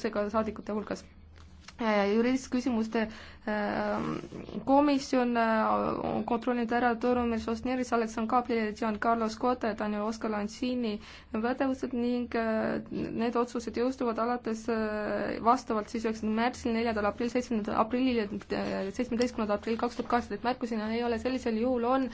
seega saadikute hulgas. Äh, juriidiliste küsimuste äh, komisjon on äh, kontrollinud ära Torumir Sosneris, Aleksan Kaabli, Gian Carlos Cota ja Daniel Oskar Lansini pädevused ning need otsused jõustuvad alates vastavalt siis üheksandal märtsil, neljandal aprill, seitsmendal aprillil ja seitsmeteistkümnendal aprill kaks tuhat kaheksateist. märkusena ei ole, sellisel juhul on